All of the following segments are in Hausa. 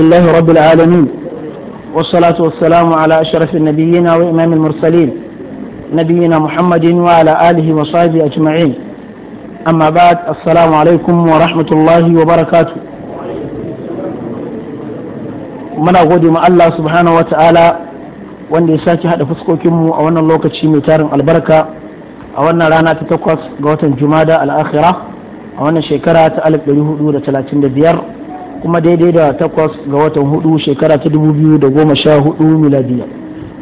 الله رب العالمين والصلاة والسلام على أشرف النبيين وإمام المرسلين نبينا محمد وعلى آله وصحبه أجمعين أما بعد السلام عليكم ورحمة الله وبركاته muna gode ma Allah subhanahu wa ta'ala wanda ya sake haɗa fuskokinmu a wannan lokaci mai tarin albarka a wannan rana ta takwas ga watan jumada al'akhira a wannan shekara ta biyar. kuma daidai da takwas ga watan hudu shekara ta dubu biyu da goma sha hudu miladiya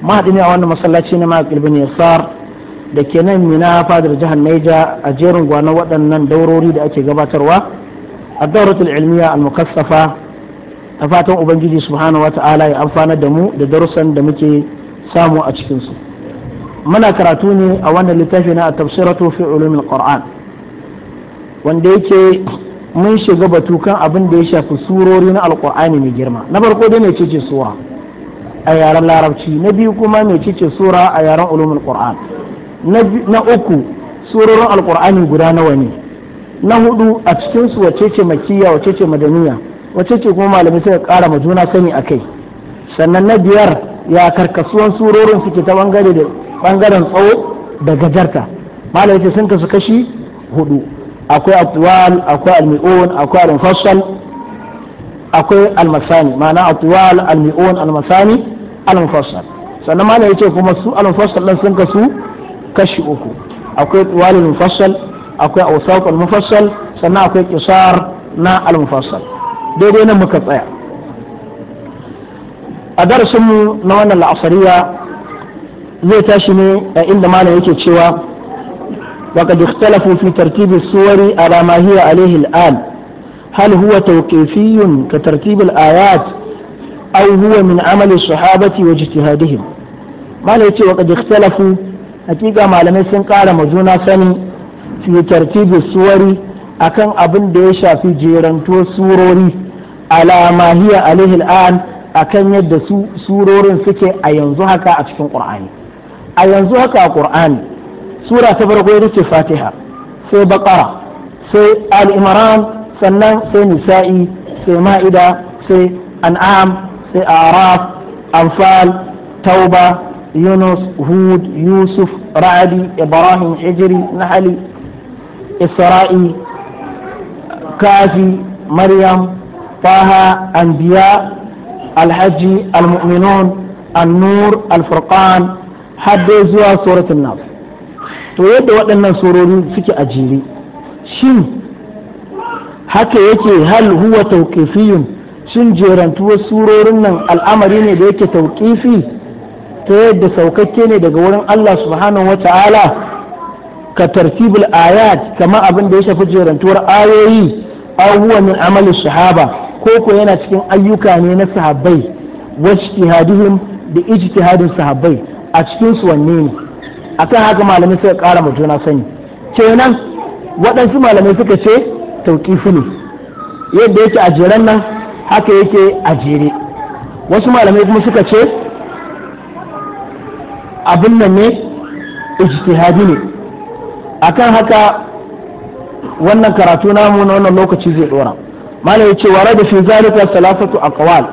mahadi ne a wannan masallaci na makil bin yasar da ke nan mina fadar jihar naija a jerin gwana waɗannan daurori da ake gabatarwa a dauratul ilmiya al-mukassafa a fatan ubangiji subhanahu wata'ala ya amfana da mu da darussan da muke samu a cikinsu muna karatu ne a wannan littafi na tafsiratu fi ulumul qur'an wanda yake mun shiga batu kan abin da ya shafi surori na alkur'ani mai girma na farko dai mai cece sura a yaren larabci na biyu kuma mai cece sura a yaren ulumul qur'an na uku surorin alkur'ani guda nawa ne na hudu a cikin su wace ce makiyya wace ce madaniya wace ce kuma malamai suka kara ma juna sani a kai, sannan na biyar ya karkasuwan surorin suke ta bangare da bangaren tsawo da gajarta malamai sun kasu kashi hudu akwai atwal akwai almi'un akwai almufassal akwai almasani ma'ana atwal almi'un almasani almufassal sannan ma yace kuma su almufassal din sun kasu kashi uku akwai atwal almufassal akwai awsaq almufassal sannan akwai qisar na almufassal daidai nan muka tsaya a darasin na wannan la'asariya zai tashi ne a inda malam yake cewa وقد اختلفوا في ترتيب السور على ما هي عليه الآن هل هو توقيفي كترتيب الآيات أو هو من عمل الصحابة واجتهادهم ما ليتي وقد اختلفوا حقيقة ما لم يسن قال مجونا سني في ترتيب السور أكن أبن ديشا في جيرانتو سوروري على ما هي عليه الآن akan yadda su surorin suke a yanzu haka a cikin ƙur'ani a yanzu haka a ƙur'ani sura ta farko ita ce fatiha sai baqara sai al-imran sannan sai nisa'i sai ma'ida sai an'am sai araf anfal tauba yunus hud yusuf ra'adi ibrahim hijri nahli isra'i kafi maryam طه أنبياء الحج المؤمنون النور الفرقان حد زوا سورة الناس to yadda waɗannan surori suke a jere shin haka yake hal huwa tauqifiyun shin jerantuwar surorin nan al'amari ne da yake tauqifi ta yadda saukakke ne daga wurin Allah subhanahu wa ta'ala ka tartibul ayat kama abin da ya shafi jerantuwar ayoyi huwa min amalin sahaba ko ko yana cikin ayyuka ne na sahabbai wajtihadihim da ijtihadin sahabbai a cikin su wanne ne a kan haka malamai suka kara ma juna sani kenan waɗansu malamai suka ce tauƙifu ne yadda yake a jeren nan haka yake a jere wasu malamai kuma suka ce abin nan ne ijtihadi ne akan haka wannan karatu namu na wannan lokaci zai dora malamai cewa ce wa da fi zalika salasatu aqwal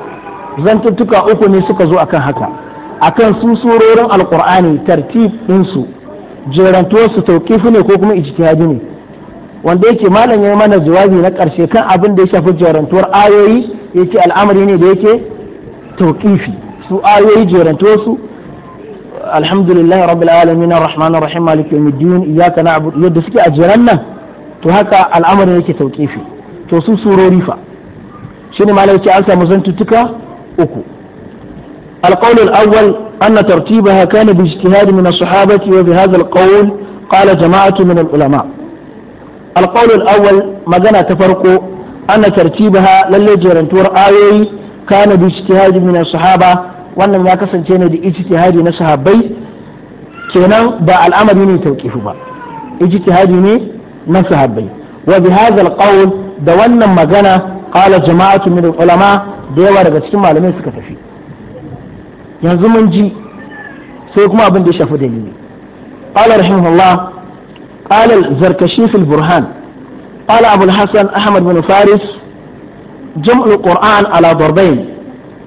zantuttuka uku ne suka zo akan haka akan su surorin alqur'ani tartib ɗinsu jerantuwar su tauqifu ne ko kuma ijtihadi ne wanda yake malam ya mana jawabi na karshe kan abin da ya shafi jerantuwar ayoyi yake al'amari ne da yake tauqifi su ayoyi jerantuwar su alhamdulillah rabbil alamin arrahmanir rahim maliki yawmiddin iyyaka na'budu yadda suke a jeran nan to haka al'amarin yake tauqifi to su surori fa shine malai yake an samu zantuttuka uku القول الأول أن ترتيبها كان باجتهاد من الصحابة وبهذا القول قال جماعة من العلماء القول الأول ما جنا تفرقوا أن ترتيبها للي جرنتور آيوي كان باجتهاد من الصحابة وأن ما كسن تيني دي اجتهاد نسحابي كنا با الأمر يني توقيف با اجتهاد يني نسحابي وبهذا القول دوانا ما قال جماعة من العلماء ديوار بسكما لمن سكتفيه yanzu mun ji sai kuma abin da ya shafi dalili qala rahimahullah qala al-zarkashi fil burhan qala abu al-hasan ahmad bin faris جمع القرآن على ضربين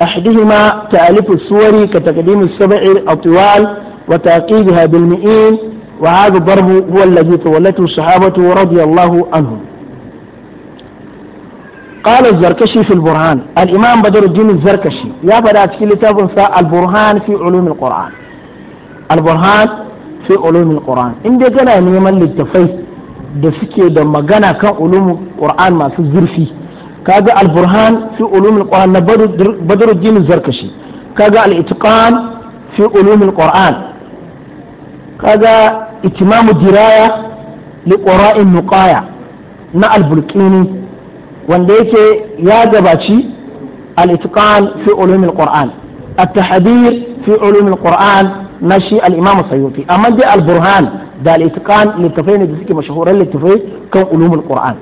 أحدهما تأليف السور كتقديم السبع الطوال وتعقيبها بالمئين وهذا الضرب هو الذي تولته الصحابة رضي الله عنهم قال الزركشي في البرهان الإمام بدر الدين الزركشي يا بدا في كتاب البرهان في علوم القرآن البرهان في علوم القرآن إن دي نيمان للتفاي da suke da magana kan ulumul masu zurfi kaga al-Burhan fi ulumul Qur'an na kaga al-Itqan fi ulumul Qur'an na al-Bulqini wanda yake ya gabaci al-itqan fi ulum al-qur'an at-tahdhir fi ulum al-qur'an na shi al-imam sayyuti amma dai al-burhan da al-itqan littafai ne da suke mashahuran littafai kan ulum al-qur'an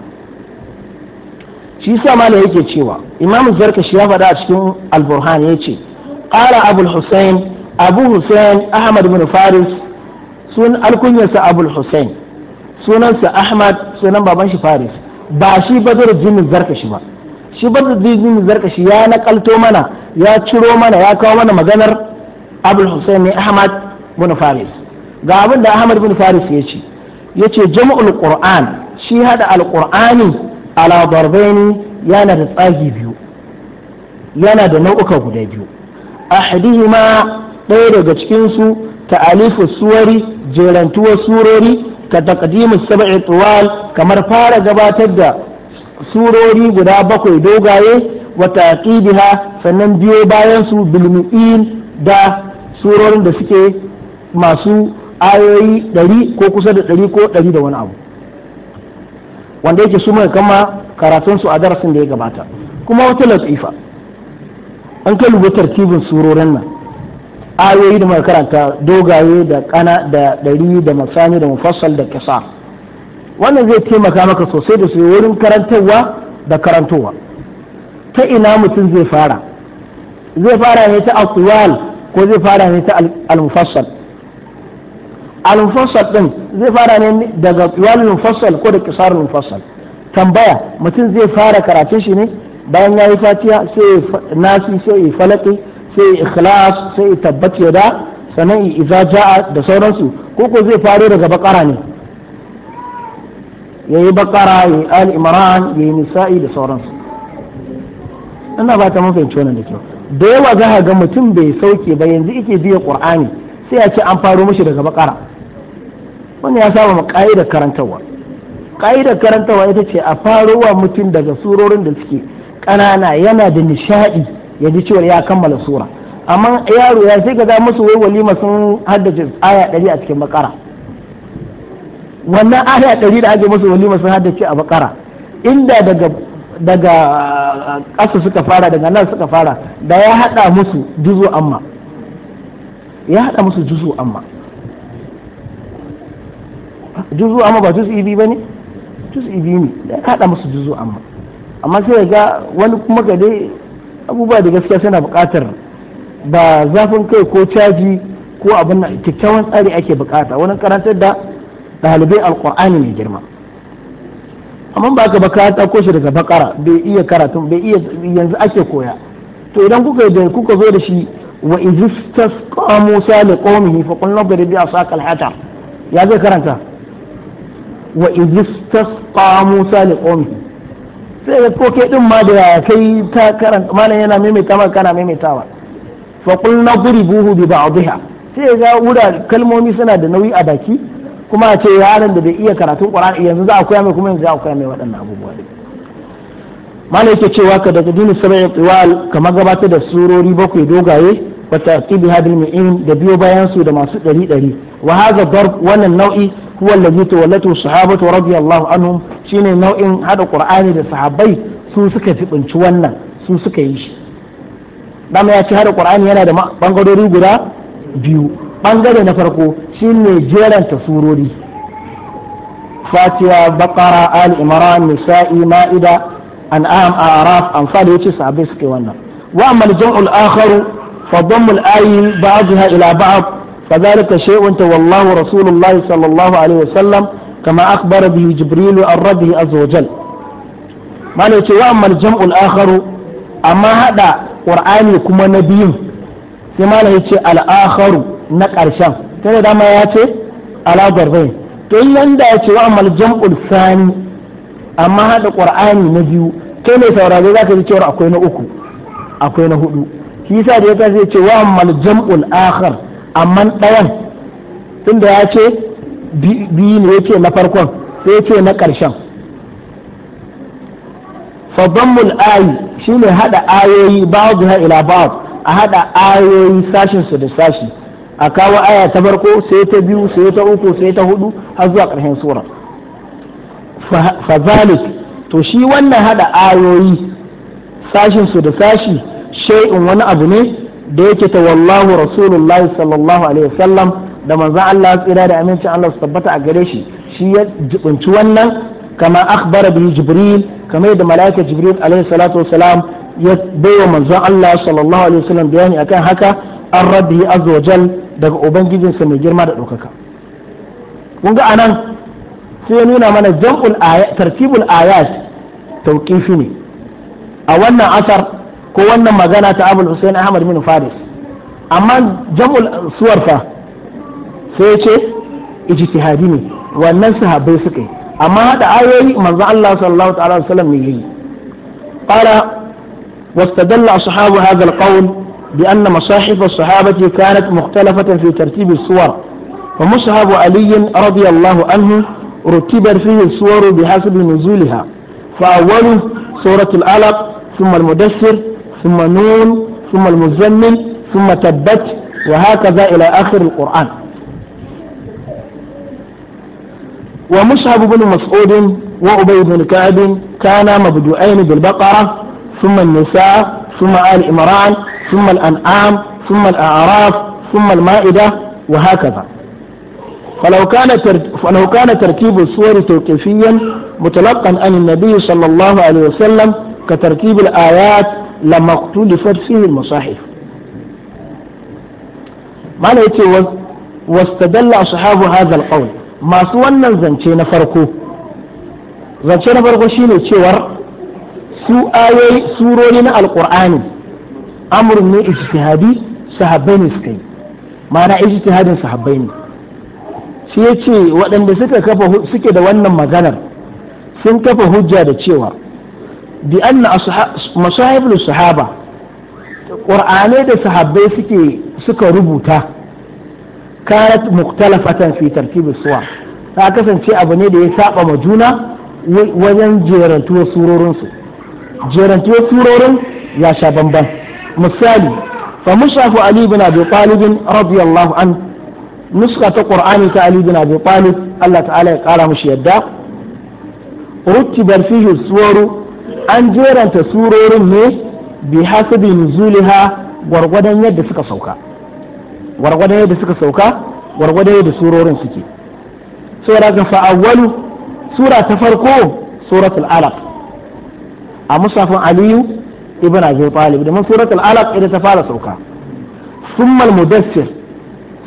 shi yasa mala yake cewa imam zarkashi ya faɗa a cikin al-burhan yace qala abul husayn abu husayn ahmad bin faris sun alkunyarsa abul husayn sunansa ahmad sunan baban shi faris ba shi badar jinin zarkashi ba shi badar jinin zarkashi ya nakalto mana ya ciro mana ya kawo mana maganar abul husain ne ahmad bin faris ga abin da ahmad bin faris ya ce ya ce jama'ul qur'an shi hada alqur'ani ala darbaini yana da tsagi biyu yana da nau'uka guda biyu ahadihima ɗaya daga cikin cikinsu ta'alifu suwari jerantuwar surori ka taƙadimu sab'i tuwal kamar fara gabatar da surori guda bakwai dogaye wa taqibiha sannan biyo bayan su bilmi'in da surorin da suke masu ayoyi ɗari ko kusa da ɗari ko ɗari da wani abu wanda yake su mai kama karatunsu a darasin da ya gabata kuma wata latsifa an kai lubutar tartibin surorin nan ayoyi da mai karanta dogaye da kana da ɗari da masani da mufassal da kisa wannan zai taimaka maka sosai da sosai wurin karantarwa da karantowa ta ina mutum zai fara zai fara ne ta aqwal ko zai fara ne ta al-mufassal al-mufassal din zai fara ne daga aqwal mufassal ko da kisar mufassal tambaya mutum zai fara karatun shi ne bayan ya yi fatiha sai nasi sai falaki sai ikhlas sai tabbace da sanan iza ja'a da sauransu ko ko zai faro daga bakara ne yayi bakara yayi al imran yayi nisa'i da sauransu ina ba ta mafi da kyau da yawa za ga mutum bai sauke ba yanzu yake biya qur'ani sai ya ce an faro mishi daga bakara wannan ya saba ma ka'idar karantarwa ka'idar karantarwa ita ce a faro mutum daga surorin da suke ƙanana yana da nishadi ya ji cewa ya kammala sura amma yaro ya sai ga musu wai walima sun haddace aya ɗari a cikin bakara wannan aya ɗari da ake musu walima sun haddace a bakara inda daga daga ah, ƙasa suka fara daga nan suka fara da ya haɗa musu juzo amma ya haɗa musu juzo amma juzo amma ba juzo ibi ba ne juzo ibi ne da ya haɗa musu juzo amma amma sai ya ga wani kuma ga dai abubuwa da gaskiya suna buƙatar ba zafin kai ko caji ko abin kyakkyawan tsari ake buƙata wani karantar da ɗalibai alƙur'ani mai girma amma ba ka baka shi daga bakara bai iya karatun bai iya yanzu ake koya to idan kuka da kuka zo da shi wa izistas musa li qawmihi fa qul nabri bi asaq al hajar ya zai karanta wa izistas musa li qawmihi sai ga koke din ma da kai ta karan malam yana maimaita ma kana maimaitawa fa qul buhu bi ba'dihha sai ga wura kalmomi suna da nauyi a baki kuma a ce yaran da bai iya karatun qur'ani yanzu za a koya mai kuma yanzu za a koya mai waɗannan abubuwa malam yake cewa ka daga dinin sabai tiwal kamar gabatar da surori bakwai dogaye wata tibi hadil mu'in da biyo bayan su da masu ɗari ɗari wa hadha darb wannan nau'i huwa allazi tawallatu sahabatu radiyallahu anhum shine nau'in hada qur'ani da sahabbai su suka jibinci wannan su suka yi shi dama ya ce hada qur'ani yana da bangarori guda biyu bangare na farko shine jeran surori fatiha baqara al imran nisa'i ma'ida an'am a'raf anfal yace sahabbai suka yi wannan wa amma al-jam'u al-akharu fa dhammu al-ayi ba'daha ila ba'd كذلك شيء والله رسول الله صلى الله عليه وسلم كما أخبر به جبريل عن ربه عز وجل ما نيتي وأما الجمع الآخر أما هذا قرآن كما نبي كما نيتي الآخر نكرشان كان دا ما ياتي على ضربين كي يندا يتي وأما الجمع الثاني أما هذا قرآن نبي kai mai saurare za ka ji cewar akwai na uku akwai na hudu shi yasa da ya tashi ya ce wa mal jam'ul akhar amma ɗayan tunda ya ce biyu ne yake na farkon sai yake na ƙarshen fadammul ayi shine haɗa ayoyi ba'd ha ila a haɗa ayoyi sashin su da sashi a kawo aya ta farko sai ta biyu sai ta uku sai ta hudu har zuwa ƙarshen sura fazalik to shi wannan haɗa ayoyi sashin su da sashi shay'in wani abu ne da yake ta wallahu rasulullahi sallallahu alaihi wasallam da manzon Allah tsira da aminci Allah su tabbata a gare shi shi ya jibinci wannan kama akhbara bi jibril kamar da malaika jibril alaihi salatu wasalam ya baiwa manzon Allah sallallahu alaihi wasallam bayani akan haka an rabbi azza jal daga ubangijinsa mai girma da ɗaukaka kun ga anan sai ya nuna mana jam'ul ayat tartibul ayat tawqifi ne a wannan asar ko wannan magana ta abul husain ahmad faris amma jam'ul suwar fa sai ce ijtihadi ne wannan sahabbai suka yi amma hada ayoyi manzo Allah sallallahu ta'ala alaihi wasallam ne yi qala wastadalla ashabu hadha alqawl bi anna masahif ashabati kanat mukhtalafatan fi tartib as-suwar wa mushab ali radiyallahu anhu rutibat fihi as-suwar bihasabi nuzulha fa awwalu suratul alaq ثم المدثر ثم نون ثم المزمل ثم تبت وهكذا إلى آخر القرآن ومصعب بن مسعود وأبي بن كعب كانا مبدوئين بالبقرة ثم النساء ثم آل عمران ثم الأنعام ثم الأعراف ثم المائدة وهكذا فلو كان فلو كان تركيب السور توقيفيا متلقا عن النبي صلى الله عليه وسلم كتركيب الآيات لما اختلفت فيه المصاحف ما يتي واستدل أصحاب هذا القول ما سوانا زنشي نفركو زنشي نفركو شيني تشور su ayoyi surori na Alƙur'ani. amurin ne ijtihadi sahabbai ne suka yi ma'ana ijtihadin sahabbai ne shi ya ce waɗanda suke da wannan maganar sun kafa hujja da cewa bi anna masahibul sahaba da sahabbai suke suka rubuta kanat muktalafatan fi tartibis suwa ta kasance abu ne da ya saba ma juna wajen jerantuwar surorinsu jerantuwar surorin ya sha bamban misali fa mushafu ali bin abi talib radiyallahu an nuska ta qur'ani ta ali bin abi talib Allah ta'ala ya kara mushi yadda suwaru an jeranta surorin ne bi hasabi nuzuliha gwargwadon yadda suka sauka gwargwadon yadda suka sauka gwargwadon yadda surorin suke sura ga fa'awwalu sura ta farko suratul alaq a musafin aliyu ibn abi talib domin suratul alaq ita ta fara sauka thumma al mudaththir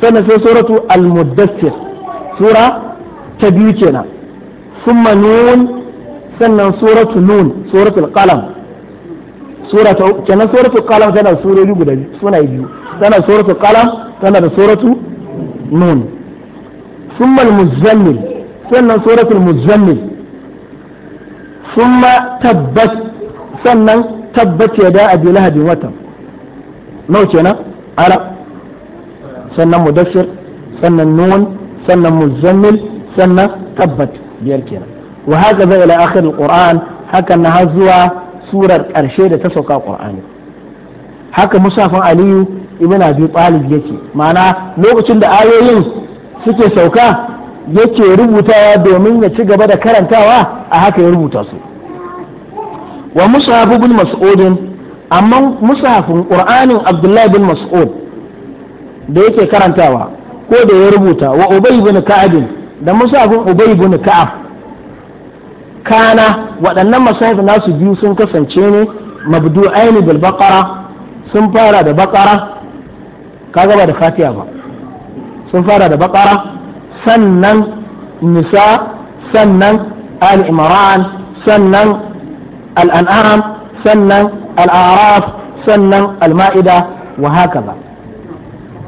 sannan sai suratul al-mudassir sura ta biyu kenan thumma nun sannan suratu nun suratu qalam suratu kenan suratu qalam tana da surori guda biyu suna biyu tana suratu qalam tana da suratu nun summa al-muzammil sannan suratu al-muzammil summa tabbas sannan tabbat ya da abi lahabi wata nau kenan ala sannan mudassir sannan nun sannan muzammil sannan tabbat biyar kenan wa haka zai ila akhir alquran hakan na har zuwa surar karshe da ta sauka qur'ani haka musafin aliyu ibn abi talib yake ma'ana lokacin da ayoyin suke sauka yake rubutawa domin ya ci gaba da karantawa a haka ya rubuta su wa musaf ibn mas'ud amma musafin qur'anin abdullahi bin mas'ud da yake karantawa ko da ya rubuta wa ubay ibn ka'ab da musafin ubay ibn ka'ab kana waɗannan masahif nasu biyu sun kasance ne aini bil baqara sun fara da baqara Ka gaba da fatiha ba sun fara da baqara sannan nisa sannan al imran sannan al an'am sannan al a'raf sannan al ma'ida wa hakaza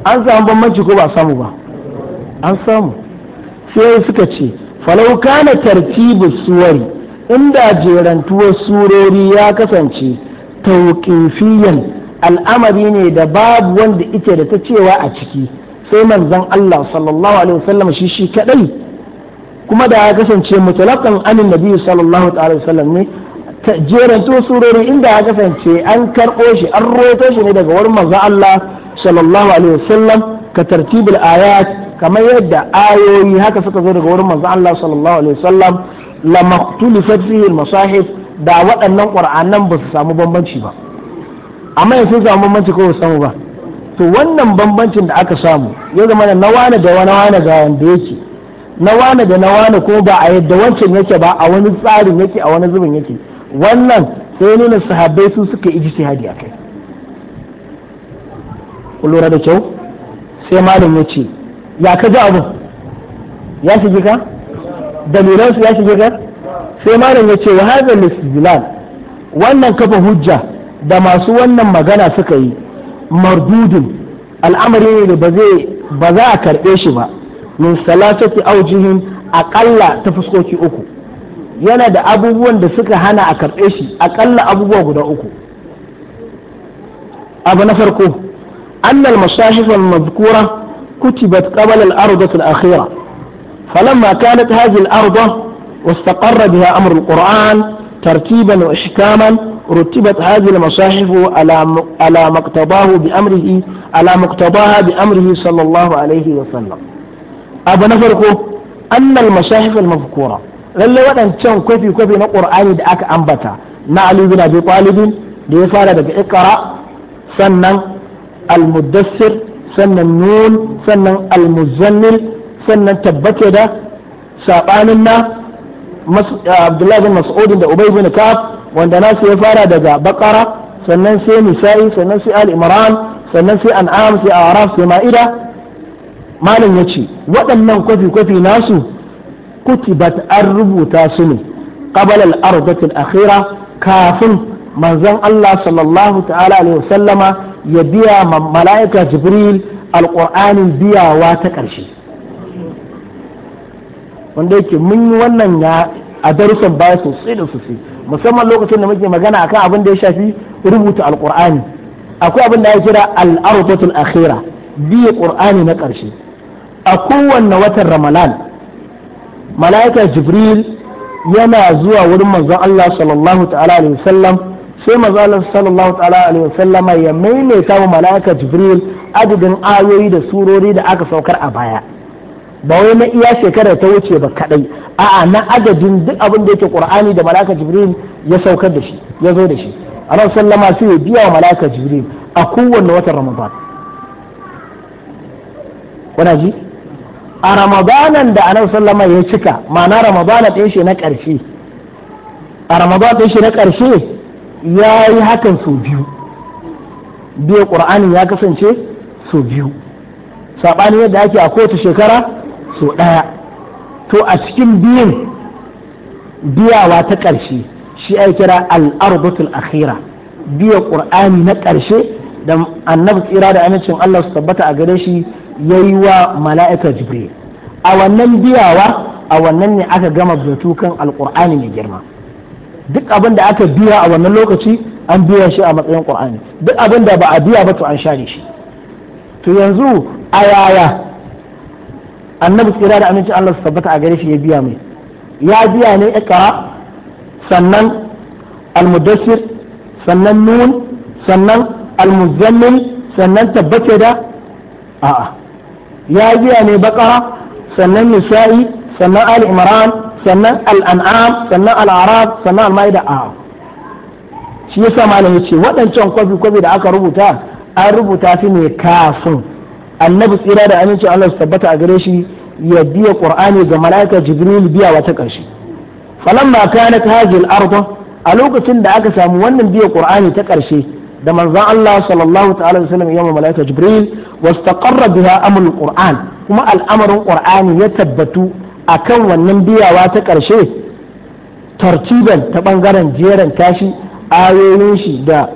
an samu bambanci ko ba samu ba an samu sai suka ce falau kana tartibu suwari inda jerantuwar surori ya kasance tauqifiyan al'amari ne da babu wanda ita da ta cewa a ciki sai manzon Allah sallallahu alaihi wasallam shi shi kadai kuma da ya kasance mutalaqan anin nabi sallallahu alaihi wasallam ne jerantuwar surori inda ya kasance an karɓo shi an roto shi ne daga wurin manzon Allah sallallahu alaihi wasallam ka tartibul ayat kamar yadda ayoyi haka suka zo daga wurin manzo Allah sallallahu alaihi wasallam la maktulifat fihi masahif da waɗannan qur'anan ba su samu bambanci ba amma sun samu bambanci ko samu ba to wannan bambancin da aka samu ya zama na wane da na wane ga wanda yake na wane da na wane ko ba a yadda wancan yake ba a wani tsarin yake a wani zubin yake wannan sai nuna sahabbai su suka ijtihadi akai ku lura da kyau sai malam ya ce ya ka ji abin ya shige ka dalilan ya shige ka sai malam ya ce wa hadha listidlal wannan kafa hujja da masu wannan magana suka yi mardudin al'amari ne da ba zai ba za a karbe shi ba min salatati aujihin aƙalla ta fuskoki uku yana da abubuwan da suka hana a karɓe shi aƙalla abubuwa guda uku abu na farko annal mashahifan mazkura كتبت قبل الأرض الأخيرة فلما كانت هذه الأرض واستقر بها أمر القرآن ترتيبا وإحكاما رتبت هذه المصاحف على على ما اقتضاه بأمره على ما اقتضاها بأمره صلى الله عليه وسلم أبو نفرق أن المصاحف المذكورة lalle waɗancan kwafi كفي كفي ƙur'ani da aka ambata نعلي Ali bin Abi Talib اقرأ ya fara sannan nun sannan almuzammil sannan tabbata da sabanin na eh, abdullahi bin mas'ud da ubay bin ka'ab wanda nasu ya fara daga bakara sannan sai nisa'i sannan sai al-imran sannan sai an'am sai a'raf sai ma'ida malam yace waɗannan kwafi kwafi nasu kutibat an rubuta su ne qabla al-ardatil akhira kafin manzon Allah sallallahu ta'ala alaihi wasallama ya biya mala'ika jibril alƙur'anin biyawa ta ƙarshe wanda yake mun yi wannan ya a darussan baya sosai da sosai musamman lokacin da muke magana akan abin da ya shafi rubuta alƙur'ani akwai abin da ya kira al'arubatul akhira biya ƙur'ani na ƙarshe a kowanne watan ramadan mala'ika jibril yana zuwa wurin manzon Allah sallallahu ta'ala alaihi wasallam sai mazalar sallallahu ta'ala alaihi Sallama ya maimaita wa mala'ika jibril adadin ayoyi da surori da aka saukar a baya ba wai na iya shekara ta wuce ba kadai a'a na adadin duk abin da yake qur'ani da mala'ika jibril ya saukar da shi ya zo da shi annabi sallama sai ya biya wa mala'ika jibril a kowanne watan ramadan kuna ji a ramadanan da anan sallama ya cika ma'ana ramadana ɗin shi na ƙarshe a ramadan ɗin shi na ƙarshe ya yi hakan sau biyu biya ƙur'anin ya kasance sau biyu saɓani yadda ake a kowace shekara sau ɗaya to a cikin biyun biyawa ta ƙarshe shi ai kira al'arbatul akhira biya ƙur'ani na ƙarshe da annabi tsira da amincin Allah su tabbata a gare shi ya yi wa mala'ika jibril a wannan biyawa a wannan ne aka gama batu kan alƙur'ani mai girma duk abin da aka biya a wannan lokaci an biya shi a matsayin ƙur'ani duk abin da ba a biya ba to an share shi to yanzu a yaya annabi tsira da amincin Allah su tabbata a gare shi ya biya mai ya biya ne ikra sannan almudassir sannan nun sannan almuzammil sannan tabbace da a'a ya biya ne bakara sannan nisa'i sannan ali imran sannan al'an'am sannan al'arab sannan al-ma'ida a shi yasa malam ya ce waɗancan kwafi kwafi da aka rubuta an rubuta su ne kafin annabi tsira da amincin Allah su tabbata a gare shi ya biya qur'ani ga mala'ika jibril biya wata ƙarshe falamma kanat hadhihi al-ardh a lokacin da aka samu wannan biya qur'ani ta ƙarshe da manzon Allah sallallahu ta'ala alaihi wasallam mala'ika jibril biha qur'an kuma al'amarin qur'ani ya tabbatu a kan wannan biyawa ta ƙarshe tartiban ta ɓangaren jeran tashi ayoyin shi da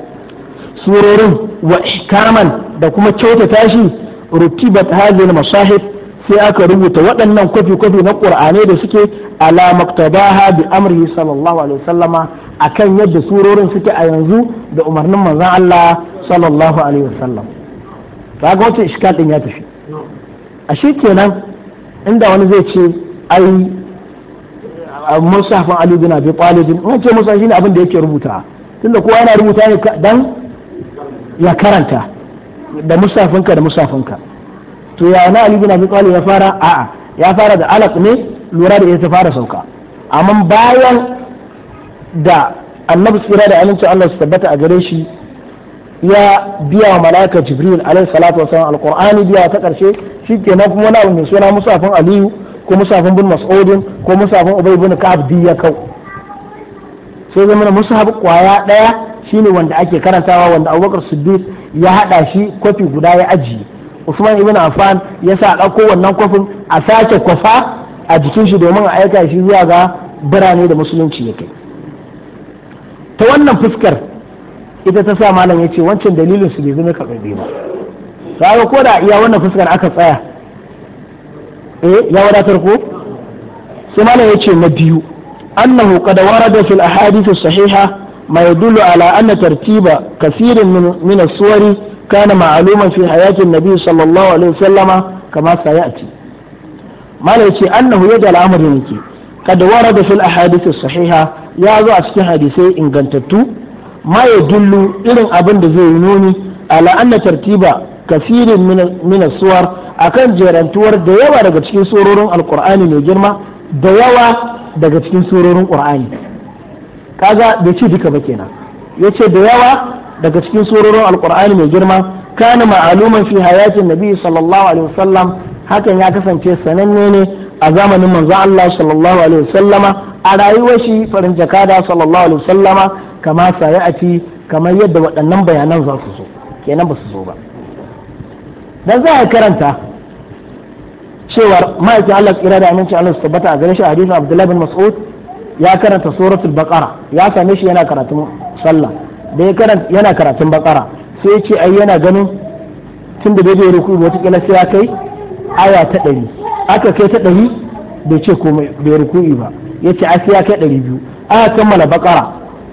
surorin wa ikaman da kuma kyauta tashi, rutibat hadhihi masahif sai aka rubuta waɗannan kwafi-kwafi na Ƙur'ane da suke ala maktabaha bi amrihi sallallahu alaihi wasallama akan yadda surorin suke a yanzu da umarnin manzon Allah sallallahu alaihi wasallam ga wata iskal ya tafi a shi kenan inda wani zai ce ai musafin ali bin abi talib in ce musa shine abin da yake rubuta tunda kowa yana rubuta ne dan ya karanta da musafinka, da musafinka. to ya na ali bin abi talib ya fara a'a ya fara da alaq ne lura da ita fara sauka amma bayan da annabi tsira da aminci Allah su tabbata a gare shi ya biya wa malaka jibril alaihi salatu wasallam alqur'ani biya ta karshe shikenan kuma wani abu mai suna musafin aliyu ko musafin bin mas'udin ko musafin ubay bin ka'ab di ya kau sai zama na musaf kwaya daya shine wanda ake karantawa wanda Abubakar Siddiq ya haɗa shi kwafi guda ya ajiye Usman ibn Affan ya sa dauko wannan kwafin a sake kwafa a jikin shi domin a aika shi zuwa ga birane da musulunci ya kai ta wannan fuskar ita ta sa malam ya ce wancan dalilin su bai zama karɓaɓɓe ba sai ko da iya wannan fuskar aka tsaya eh ya wadatar ko sai mala yace na biyu annahu qad warada fil ahadith sahiha ma yadullu ala anna tartiba kaseerin min as-suwari kana ma'luman fi hayati an-nabi sallallahu alaihi wasallama kama sayati malam yace annahu yadal amrin yake qad warada fil ahadith sahiha ya zo a cikin hadisai ingantattu ma yadullu irin abin da zai yi nuni ala anna tartiba kaseerin min as-suwar akan jerantuwar da yawa daga cikin surorin alkur'ani mai girma da yawa daga cikin surorin qur'ani kaga bai ce duka ba kenan yace da yawa daga cikin surorin alkur'ani mai girma kana ma'aluman fi hayatin nabi sallallahu alaihi wasallam hakan ya kasance sananne ne a zamanin manzo Allah sallallahu alaihi wasallama a rayuwar shi farin jakada sallallahu alaihi wasallama kama sayati kamar yadda waɗannan bayanan za su zo kenan ba su zo ba dan za a karanta cewar ma'aikin Allah kira da aminci Allah su tabbata a gare shi hadisin Abdullah bin Mas'ud ya karanta suratul baqara ya same shi yana karatun sallah da ya karanta yana karatun baqara sai ya ce ai yana ganin tun da bai ruku wata kila sai ya kai aya ta 100 aka kai ta 100 bai ce komai bai ruku'i ba yace ai sai ya kai 200 aya kammala baqara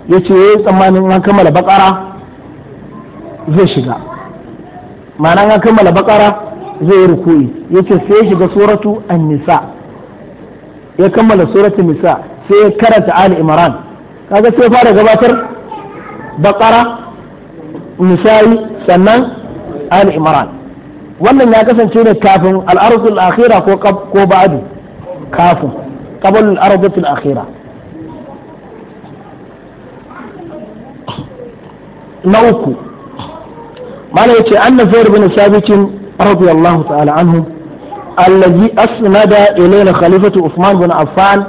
yace yayi tsammanin an kammala baqara zai shiga ma'ana an kammala baqara zai rukuyi yace sai ya shiga suratu an-nisa ya kammala suratu nisa sai ya karanta ali imran kaga sai fara gabatar baqara nisa'i sannan ali imran wannan ya kasance ne kafin al-ardul akhira ko ko ba'du kafin qabl al-ardul akhira na uku mana yace anna zair bin sabitin رضي الله تعالى عنه الذي أسند إلينا خليفة عثمان بن عفان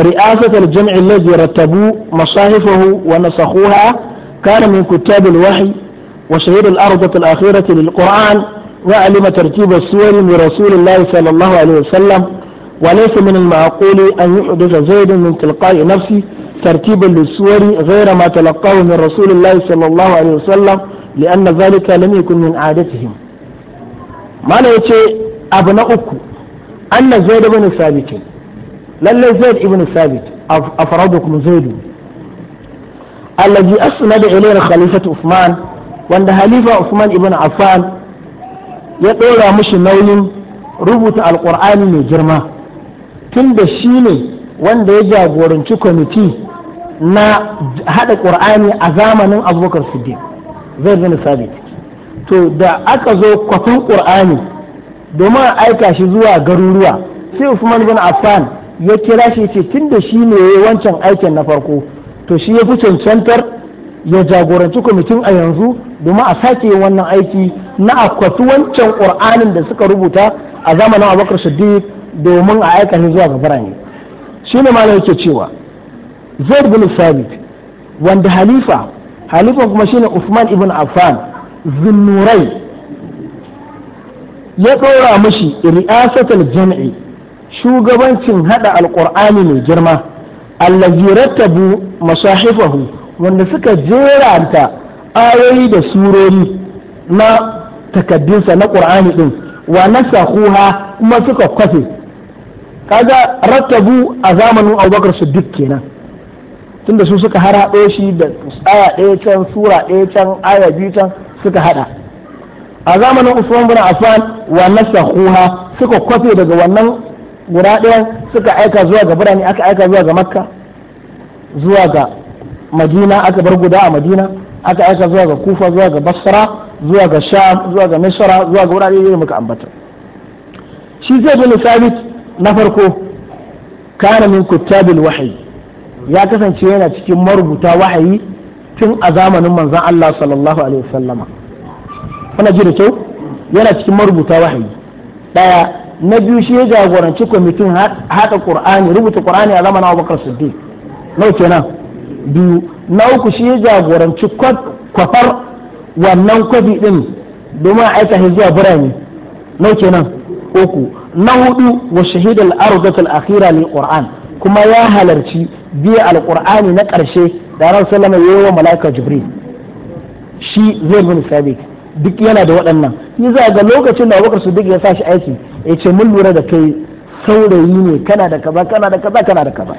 رئاسة الجمع الذي رتبوا مصاحفه ونسخوها كان من كتاب الوحي وشهيد الأرض الأخيرة للقرآن وعلم ترتيب السور من رسول الله صلى الله عليه وسلم وليس من المعقول أن يحدث زيد من تلقاء نفسه ترتيبا للسور غير ما تلقاه من رسول الله صلى الله عليه وسلم لأن ذلك لم يكن من عادتهم mana ya ce abu na uku anna zaid ibn sabit lalle da kuma sabit afradukum zaid allazi da ilayhi khalifatu usman wanda halifa usman ibn affan ya ɗora mushi nauyin rubuta Alƙur'ani mai girma tunda shi ne wanda ya jagoranci kwamiti na haɗa ƙur'ani a zamanin abubakar siddiq zaid ibn sabit to da aka zo kwafin ƙur'ani domin a aika shi zuwa garuruwa sai Usman bin Affan ya kira shi ce tun da shi ne ya wancan aikin na farko to shi ya fi cancantar ya jagoranci kwamitin a yanzu domin a sake yin wannan aiki na akwati wancan ƙur'anin da suka rubuta a zamanin abokar siddiq domin a aika shi zuwa ga birane shi ne malam yake cewa zaid bin sabit wanda halifa halifan kuma shine usman ibn affan Zinnurai ya ɗora mashi ri'asatul jam'i shugabancin haɗa alƙur'ani mai girma allazi rattabu masahifahu wanda suka jera ta ayoyi da surori na takaddinsa na ƙur'ani ɗin wa nasahuha kuma suka kwafe kaga rattabu a zamanin abubakar duk kenan tunda su suka harhaɗo shi da aya ɗaya can sura ɗaya can aya biyu can suka hada a zamanin usman bin affan wa nasakhuha suka kwafe daga wannan guda ɗaya suka aika zuwa ga birane aka aika zuwa ga makka zuwa ga madina aka bar guda a madina aka aika zuwa ga kufa zuwa ga basra zuwa ga sham zuwa ga misra zuwa ga wurare da muka ambata shi zai bin sabit na farko kana min kuttabil wahyi ya kasance yana cikin marubuta wahayi tun a zamanin manzan Allah sallallahu alaihi wasallama kuna ji da kyau yana cikin marubuta wahayi daya na biyu shi ya jagoranci kwamitin haɗa ƙur'ani rubuta ƙur'ani a zamanin abubakar siddiq nau kenan biyu na uku shi ya jagoranci kwafar wannan kwafi ɗin domin a aika shi zuwa birane nau kenan uku na hudu wa shahidal arzatul akhira lil qur'an kuma ya halarci biya qurani na ƙarshe da ran sallama yayi wa malaika jibril shi zai bin sabit duk yana da waɗannan ni za ga lokacin da Abubakar Siddiq ya sashi aiki ya ce mun lura da kai saurayi ne kana da kaza kana da kaza kana da kaza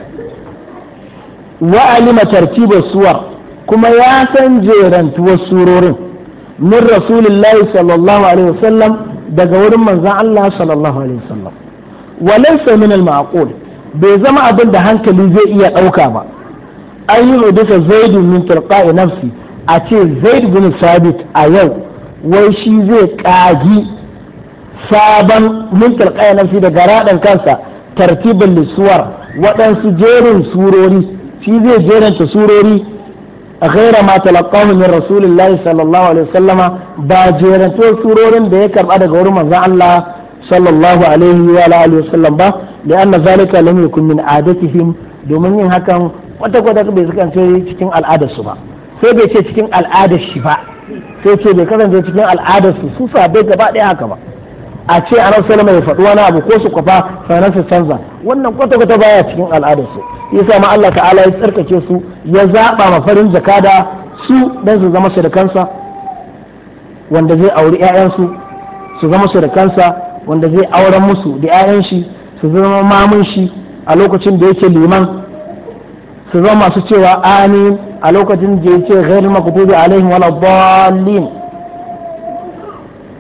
wa alima tartibar suwar kuma ya san jerantuwar surorin min rasulillahi sallallahu alaihi wasallam daga wurin manzon Allah sallallahu alaihi wasallam wa laysa min al-ma'qul bai zama abin da hankali zai iya ɗauka ba an yi mudusa zaidu min tilqa'i nafsi a ce zaidu bin sabit a yau wai shi zai kagi sabon min tilqa'i nafsi daga radan kansa tartibin lissuwar waɗansu jerin surori shi zai jeranta surori غير ما تلقاه من رسول الله صلى الله عليه وسلم باجيرتو surorin da ya karba daga wurin manzon Allah sallallahu alaihi wa alihi wasallam ba لأن ذلك لم يكن من عادتهم domin yin hakan wata kwata bai kasance cikin al'adar su ba sai bai ce cikin al'adar shi ba sai ce bai kasance cikin al'adar su su bai gaba ɗaya haka ba a ce a nan salama ya faɗuwa na abu ko su kwafa sanar su canza wannan kwata kwata baya cikin al'adar su yasa ma Allah ta'ala ya tsarkake su ya zaɓa ma farin jakada su dan su zama sadakansa wanda zai auri 'ya'yansu su zama sadakansa wanda zai auren musu da 'ya'yan shi su zama mamun shi a lokacin da yake liman su zama masu cewa amin a lokacin da ya ce ghairu maghdubi alaihim wala dallin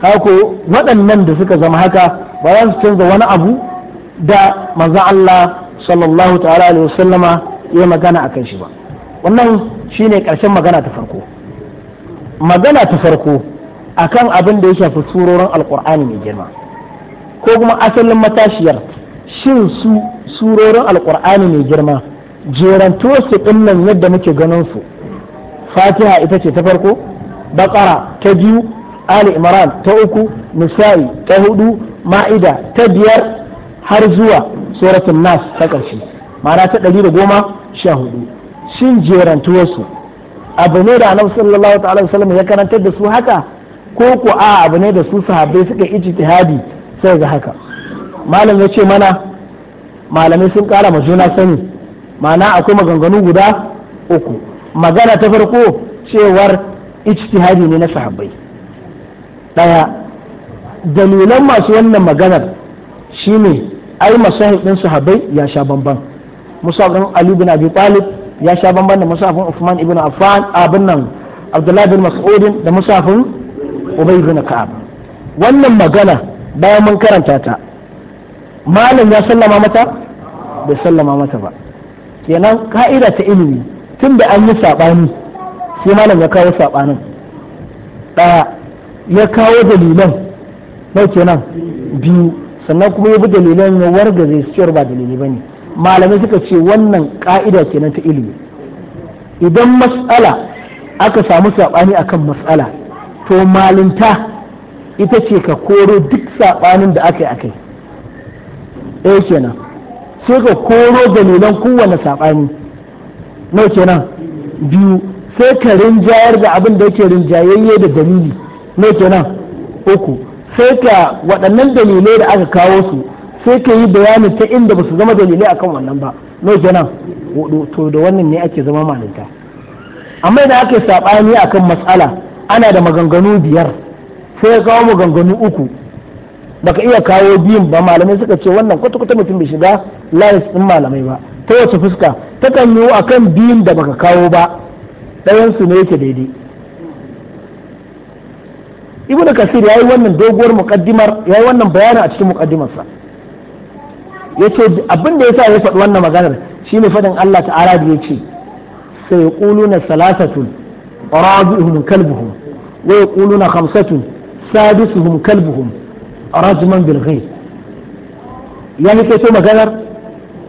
hako waɗannan da suka zama haka ba za su canza wani abu da manzon Allah sallallahu ta'ala alaihi wasallama ya magana akan shi ba wannan shine karshen magana ta farko magana ta farko akan abin da ya shafi surorin alqur'ani mai girma ko kuma asalin matashiyar shin su surorin Alƙur'ani mai girma jeran su ɗin nan yadda muke ganin su fatiha ita ce ta farko bakara ta biyu ali imran ta uku nisa'i ta hudu ma'ida ta biyar har zuwa suratul nas ta ƙarshe ma'ana ta ɗari da goma sha hudu shin jerantuwarsu abu ne da annabi sallallahu ta'ala wasallam ya karantar da su haka ko ko a abu ne da su sahabbai suka ijtihadi sai ga haka malam ya ce mana malamai sun ƙara ma juna sani ma'ana akwai maganganu guda uku magana ta farko cewar ijtihadi ne na sahabbai daya dalilan masu wannan maganar shine ai masahib din sahabbai ya sha bamban musabin ali bin abi talib ya sha bamban da musafin Uthman ibn Affan abin nan Abdullah bin Mas'ud da musafin Ubay bin Ka'ab wannan magana bayan mun karanta ta malam ya sallama mata bai sallama mata ba kenan ka'ida ta ilimi tun da an yi saɓani sai malam ya kawo saɓanin ɗaya ya kawo dalilan na kenan biyu sannan kuma ya bi dalilan ya zai siyar ba dalili ba ne malamai suka ce wannan ka'ida kenan ta ilimi idan matsala aka samu saɓani akan matsala to malinta ita ce ka koro duk saɓanin da aka yi akai ɗaya kenan sai ka koro dalilan kowane saɓani ke kenan biyu sai ka rinjayar da abin da yake rinjayayye da dalili ke kenan uku sai ka waɗannan dalilai da aka kawo su sai ka yi bayanin ta inda ba su zama dalilai akan wannan ba ke kenan hudu to da wannan ne ake zama malinta amma idan aka yi saɓani akan matsala ana da maganganu biyar sai ya kawo maganganu uku baka iya kawo biyun ba malamai suka ce wannan kwata-kwata mutum bai shiga layis ɗin malamai ba ta wace fuska takan yi a kan biyun da baka kawo ba ɗayansu ne yake daidai ibnu kasir ya yi wannan doguwar muƙaddimar ya yi wannan bayanin a cikin muƙaddimarsa ya ce abin da ya sa ya faɗi wannan maganar shi ne faɗin allah ta'ala da ya ce sai ya salasatun rabi'uhum kalbuhum wa ya ƙuluna khamsatun sadisuhum kalbuhum rajman bil ghaiz ya ne kai so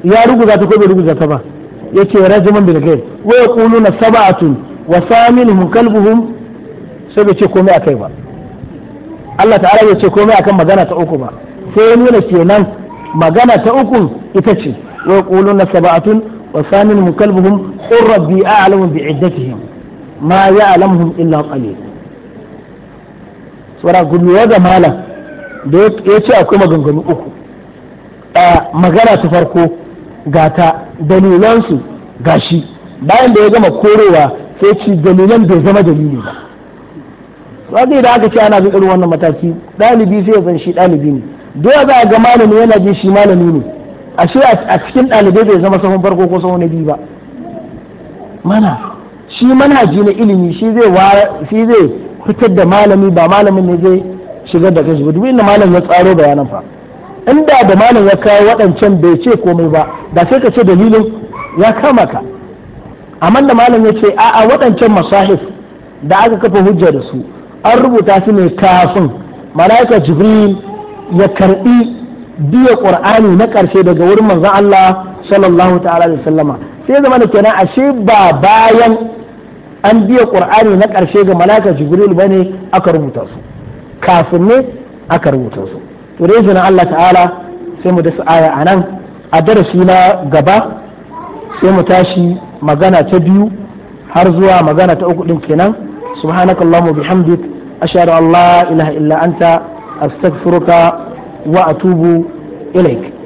ya ruguza ko bai ruguza ta ba yace rajman bil ghaiz wa yaquluna sab'atun wa saminuhum kalbuhum sai bai ce komai akai ba Allah ta'ala bai ce komai akan magana ta uku ba sai ya kenan magana ta uku ita ce wa yaquluna illa da malam da ya ce akwai maganganu uku a magana ta farko ga ta dalilansu ga shi bayan da ya gama korowa sai ci dalilan bai zama dalili ba zai da aka ce ana zai irin wannan mataki ɗalibi sai ya shi ɗalibi ne dole za ga malami yana ji shi malami ne ashe a cikin ɗalibai bai zama sahun farko ko sahun na ba mana shi manhaji na ilimi shi zai fitar da malami ba malamin ne zai shigar da kashi ba duk inda malam ya tsaro bayanan fa inda da malam ya kawo waɗancan bai ce komai ba da sai ka ce dalilin ya kama ka amma da malam ya ce a'a waɗancan masahif da aka kafa hujja da su an rubuta su ne kafin malaika jibril ya karɓi biya qur'ani na ƙarshe daga wurin manzon Allah sallallahu ta'ala alaihi sallama sai zama da kenan ashe ba bayan an biya qur'ani na ƙarshe ga malaika jibril bane aka rubuta su kafin ne aka rubuta su to da izinin Allah ta'ala sai mu dasa aya a nan a darasi na gaba sai mu tashi magana ta biyu har zuwa magana ta uku din kenan allahumma bihamdik ashhadu an la ilaha illa anta astaghfiruka wa atubu ilaik